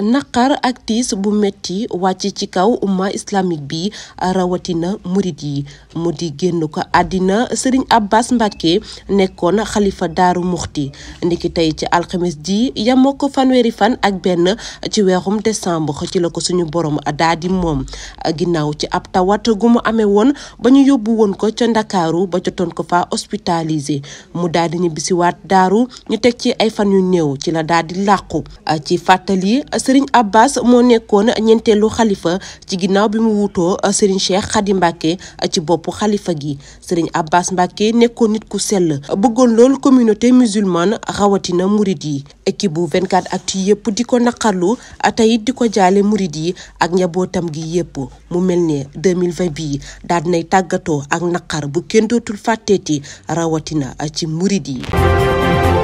naqar ak tiis bu metti wàcc ci kaw umma islamique bi rawatina murit yi mu di génn ko àddina sëriñ Abbas Mbacke nekkoon xalifa daaru muxti ndiki tey ci alxemes ji yamoo ko fanweeri fan ak benn ci weexum décembre ci la ko suñu borom daa di moom ginnaaw ci ab tawat gu mu amee woon ba ñu yóbbu woon ko ca ndakaaru ba jotoon ko fa hospitalisé mu daal di ñibbisiwaat daaru ñu teg ci ay fan yu néew ci la daal di làqu ci fàttali Serigne Abbas moo nekkoon ñeenteelu xalifa ci ginnaaw bi mu wutoo Serigne Cheikh Khady Mbacké ci boppu xalifa gi Serigne Abbas Mbacké nekkoon nit ku sell bëggoon loolu communauté musulmane rawatina murid yi équipe bu ak ci yépp di ko naqarlu tey di ko jaale murid yi ak njabootam gi yépp mu melni ne 2020 bii daal dinay tàggatoo ak naqar bu kenn dootul fàtteeti rawatina ci murid yi